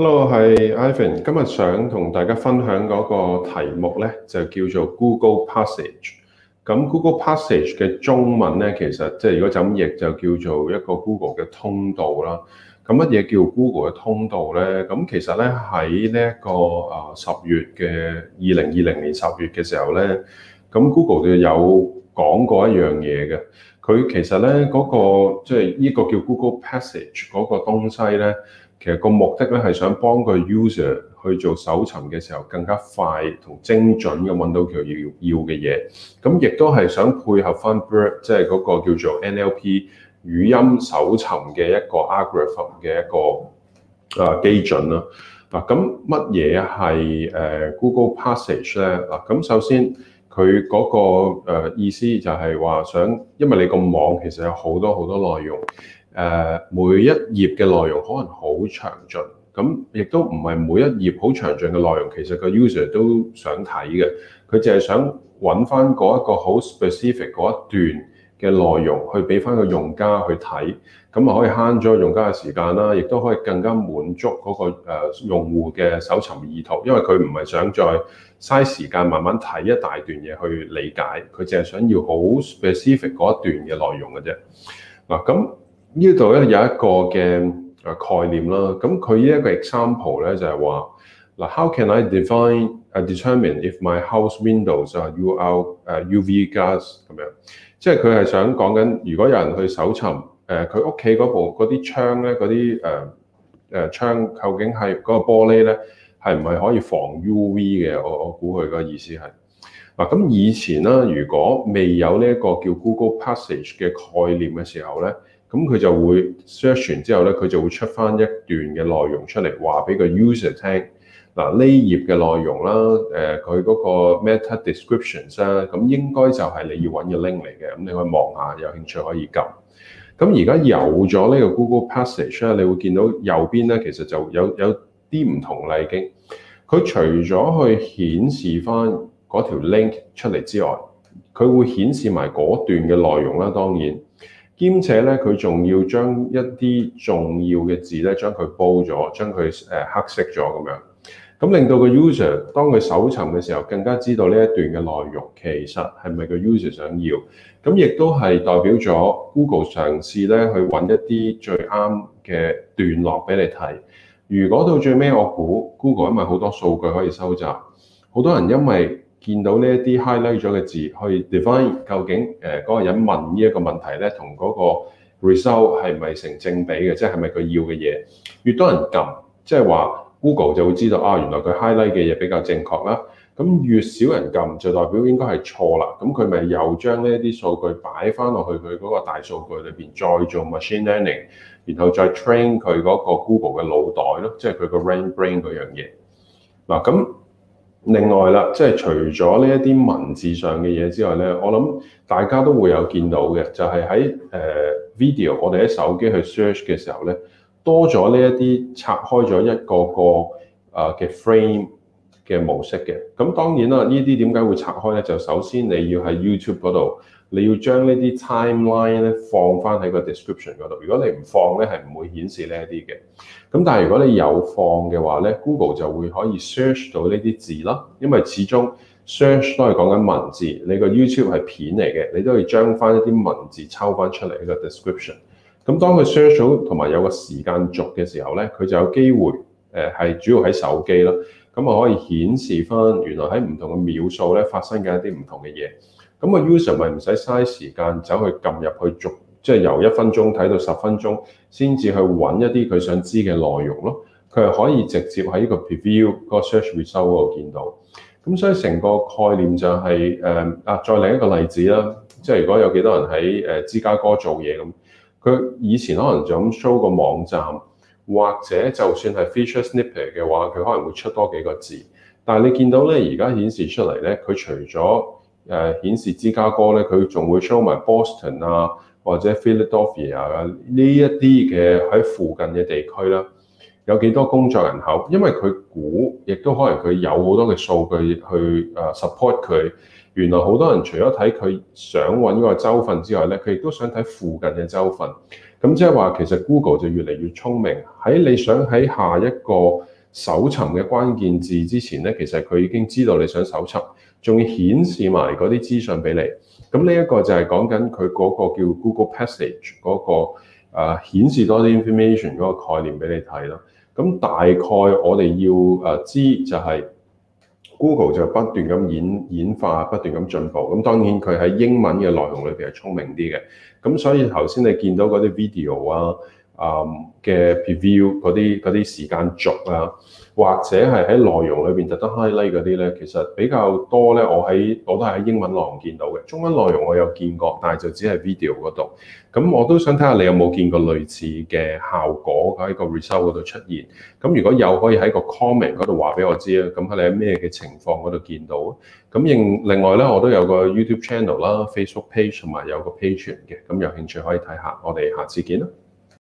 Hello，係 Ivan。今日想同大家分享嗰個題目咧，就叫做 Google Passage。咁 Google Passage 嘅中文咧，其實即係如果就咁譯，就叫做一個 Google 嘅通道啦。咁乜嘢叫 Google 嘅通道咧？咁其實咧，喺呢一個啊十月嘅二零二零年十月嘅時候咧，咁 Google 就有講過一樣嘢嘅。佢其實咧嗰、嗰個即係呢個叫 Google Passage 嗰個東西咧。其實個目的咧係想幫個 user 去做搜尋嘅時候更加快同精準咁揾到佢要要嘅嘢，咁亦都係想配合翻即係嗰個叫做 NLP 語音搜尋嘅一個 algorithm 嘅一個啊基準啦。嗱，咁乜嘢係誒 Google Passage 咧？嗱，咁首先。佢嗰個誒意思就係話想，因為你個網其實有好多好多內容，誒每一頁嘅內容可能好詳盡，咁亦都唔係每一頁好詳盡嘅內容，其實個 user 都想睇嘅，佢淨係想揾翻嗰一個好 specific 嗰一段。嘅內容去俾翻個用家去睇，咁啊可以慳咗用家嘅時間啦，亦都可以更加滿足嗰個誒用戶嘅搜尋意圖，因為佢唔係想再嘥時間慢慢睇一大段嘢去理解，佢淨係想要好 specific 嗰一段嘅內容嘅啫。嗱，咁呢度咧有一個嘅誒概念啦，咁佢呢一個 example 咧就係話。嗱，how can I define 啊、uh，determine if my house windows are URL 誒 U V gas 咁樣？即係佢係想講緊，如果有人去搜尋誒佢屋企嗰部嗰啲窗咧，嗰啲誒誒窗究竟係嗰個玻璃咧係唔係可以防 U V 嘅？我我估佢個意思係嗱。咁以前啦、啊，如果未有呢一個叫 Google Passage 嘅概念嘅時候咧，咁佢就會 search 完之後咧，佢就會出翻一段嘅內容出嚟，話俾個 user 聽。嗱呢頁嘅內容啦，誒佢嗰個 meta descriptions 啦，咁應該就係你要揾嘅 link 嚟嘅。咁你可以望下，有興趣可以撳。咁而家有咗呢個 Google Passage 咧，你會見到右邊咧其實就有有啲唔同啦。已經佢除咗去顯示翻嗰條 link 出嚟之外，佢會顯示埋嗰段嘅內容啦。當然兼且咧，佢仲要將一啲重要嘅字咧，將佢煲咗，將佢誒黑色咗咁樣。咁令到個 user 當佢搜尋嘅時候，更加知道呢一段嘅內容其實係咪個 user 想要，咁亦都係代表咗 Google 嘗試咧去揾一啲最啱嘅段落俾你睇。如果到最尾，我估 Google 因為好多數據可以收集，好多人因為見到呢一啲 highlight 咗嘅字去 define 究竟誒嗰個人問呢一個問題咧，同嗰個 result 係咪成正比嘅，即係係咪佢要嘅嘢？越多人撳，即係話。Google 就會知道啊，原來佢 highlight 嘅嘢比較正確啦。咁越少人撳，就代表應該係錯啦。咁佢咪又將呢一啲數據擺翻落去佢嗰個大數據裏邊，再做 machine learning，然後再 train 佢嗰個 Google 嘅腦袋咯，即係佢個 rain brain 嗰樣嘢。嗱，咁另外啦，即係除咗呢一啲文字上嘅嘢之外咧，我諗大家都會有見到嘅，就係喺誒 video，我哋喺手機去 search 嘅時候咧。多咗呢一啲拆開咗一個個誒嘅 frame 嘅模式嘅，咁當然啦，呢啲點解會拆開呢？就首先你要喺 YouTube 度，你要將呢啲 timeline 咧，放翻喺個 description 度。如果你唔放呢，係唔會顯示呢一啲嘅。咁但係如果你有放嘅話呢，Google 就會可以 search 到呢啲字啦。因為始終 search 都係講緊文字，你個 YouTube 係片嚟嘅，你都要將翻一啲文字抽翻出嚟喺個 description。咁當佢 search 到同埋有個時間軸嘅時候咧，佢就有機會誒係主要喺手機咯。咁啊可以顯示翻原來喺唔同嘅秒數咧發生嘅一啲唔同嘅嘢。咁啊 user 咪唔使嘥時間走去撳入去逐，即係由一分鐘睇到十分鐘先至去揾一啲佢想知嘅內容咯。佢係可以直接喺個 preview 嗰個 search result 嗰度見到。咁所以成個概念就係誒啊！再另一個例子啦，即係如果有幾多人喺誒芝加哥做嘢咁。佢以前可能就咁 show 個網站，或者就算係 feature snippet 嘅話，佢可能會出多幾個字。但係你見到咧，而家顯示出嚟咧，佢除咗誒、呃、顯示芝加哥咧，佢仲會 show 埋 Boston 啊，或者 Philadelphia 啊，呢一啲嘅喺附近嘅地區啦。有幾多工作人口？因為佢估，亦都可能佢有好多嘅數據去誒 support 佢。原來好多人除咗睇佢想揾嗰個州份之外呢，佢亦都想睇附近嘅州份。咁即係話，其實 Google 就越嚟越聰明。喺你想喺下一個搜尋嘅關鍵字之前呢，其實佢已經知道你想搜尋，仲顯示埋嗰啲資訊俾你。咁呢一個就係講緊佢嗰個叫 Google Passage 嗰個。誒、啊、顯示多啲 information 嗰個概念俾你睇咯。咁大概我哋要誒、啊、知就係 Google 就不斷咁演演化，不斷咁進步。咁當然佢喺英文嘅內容裏邊係聰明啲嘅。咁所以頭先你見到嗰啲 video 啊。誒嘅、um, preview 嗰啲嗰啲時間軸啊，或者係喺內容裏邊特登 highlight 嗰啲咧，其實比較多咧。我喺我都係喺英文內容見到嘅，中文內容我有見過，但係就只係 video 嗰度。咁我都想睇下你有冇見過類似嘅效果喺個 result 嗰度出現。咁如果有可以喺個 comment 嗰度話俾我知啊。咁喺你喺咩嘅情況嗰度見到？咁另另外咧，我都有個 YouTube channel 啦、Facebook page 同埋有個 Patreon 嘅。咁有興趣可以睇下。我哋下次見啦。